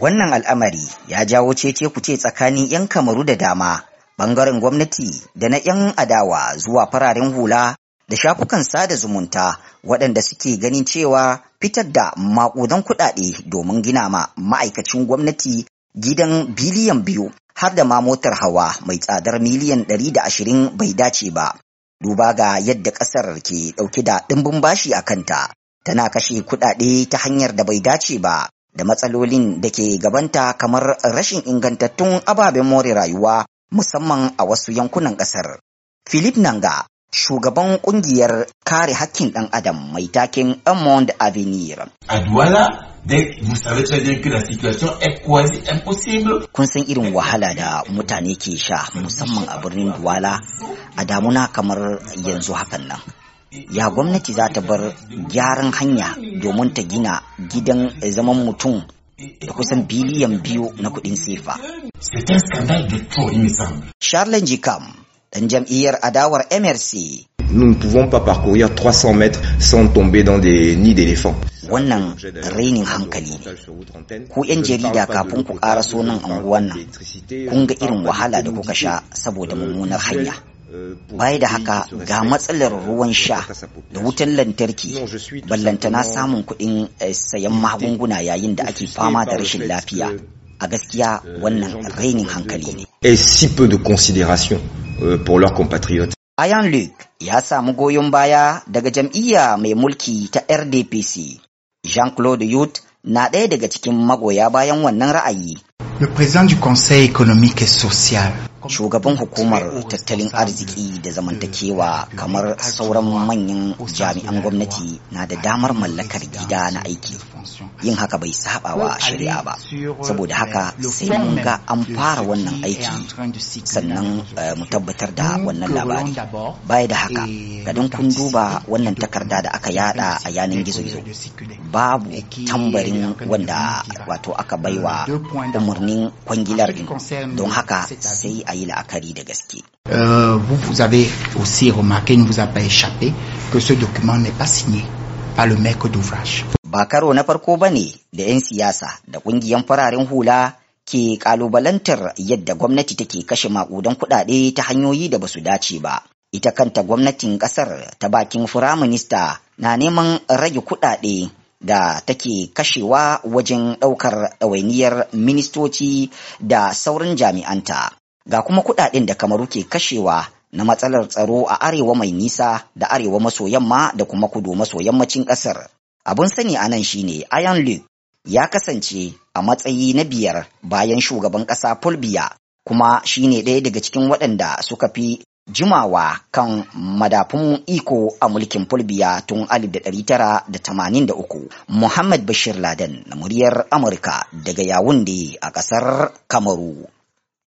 Wannan al'amari ya jawo cece kuce tsakanin 'yan kamaru da dama, bangaren gwamnati da na 'yan adawa zuwa fararen hula da shafukan sada zumunta waɗanda suke ganin cewa fitar da maƙudan kuɗaɗe domin gina ma ma'aikacin gwamnati gidan biliyan biyu har da ma motar hawa mai tsadar miliyan ɗari da ashirin bai dace ba. Duba ga yadda ƙasar ke ɗauke da ɗimbin bashi a kanta, tana kashe kuɗaɗe ta hanyar da bai dace ba. da matsalolin da ke gabanta kamar rashin ingantattun ababen more rayuwa musamman a wasu yankunan ƙasar. Philip Nanga, shugaban ƙungiyar kare hakkin ɗan adam mai takin Amond Avenir. A Kun san irin wahala da mutane ke sha musamman a birnin duwala a damuna kamar yanzu hakan nan. ya gwamnati za ta bar gyaran hanya domin ta gina gidan zaman mutum da kusan biliyan biyu na kuɗin sefa. Charles Jikam, ɗan jam'iyyar adawar MRC. Nous ne pouvons pas parcourir 300 mètres sans tomber dans des nids d'éléphants. Wannan rainin hankali ne, ku 'yan jarida kafin ku ƙara sonan anguwan nan, kun ga irin wahala da kuka sha saboda mummunar hanya. Bai da haka ga matsalar ruwan sha da wutan lantarki ballantana samun kuɗin eh, sayan magunguna yayin da ake fama da rashin lafiya. Euh, A gaskiya euh, wannan rainin hankali ne. Et si de consideration euh, pour leurs compatriotes. Ayan Luke ya samu goyon baya daga jam'iyya mai mulki ta RDPC. Jean-Claude Youth na ɗaya daga cikin magoya bayan wannan ra'ayi. Le président du Conseil économique et social shugaban hukumar tattalin arziki da zamantakewa kamar sauran manyan jami'an gwamnati na da damar mallakar gida na aiki yin haka bai saba wa shari'a ba saboda haka sai mun ga an fara wannan aiki sannan eh, mu tabbatar da wannan labari baya da haka gadon kun duba wannan takarda da aka yada a yanar gizo-gizo babu tambarin wanda wato aka baiwa euh, umarnin kwangilar din don haka sai a yi la'akari da gaske euh, Vous, vous avez aussi remarqué, il ne vous a pas échappé, que ce document n'est pas signé. pas le maître d'ouvrage. Ba karo na farko ba ne da 'yan siyasa da ƙungiyar fararen hula ke ƙalubalantar yadda gwamnati take kashe maƙudan kuɗaɗe ta hanyoyi da basu dace ba. Ita kanta gwamnatin ƙasar ta bakin firaminista na neman rage kuɗaɗe da take kashewa wajen ɗaukar ɗawainiyar ministoci da sauran jami'anta. Ga kuma kuɗaɗen da kamaru ke kashewa na matsalar tsaro a arewa mai nisa da arewa maso yamma da kuma kudu maso yammacin ƙasar. Abun sani a nan shine Iron League ya kasance a matsayi na biyar bayan shugaban ƙasa Fulbiya kuma shine ɗaya daga cikin waɗanda suka fi jimawa kan madafun iko a mulkin Fulbiya tun 1983. Muhammad Bashir Laden na muryar Amurka daga Yawunde a ƙasar Kamaru.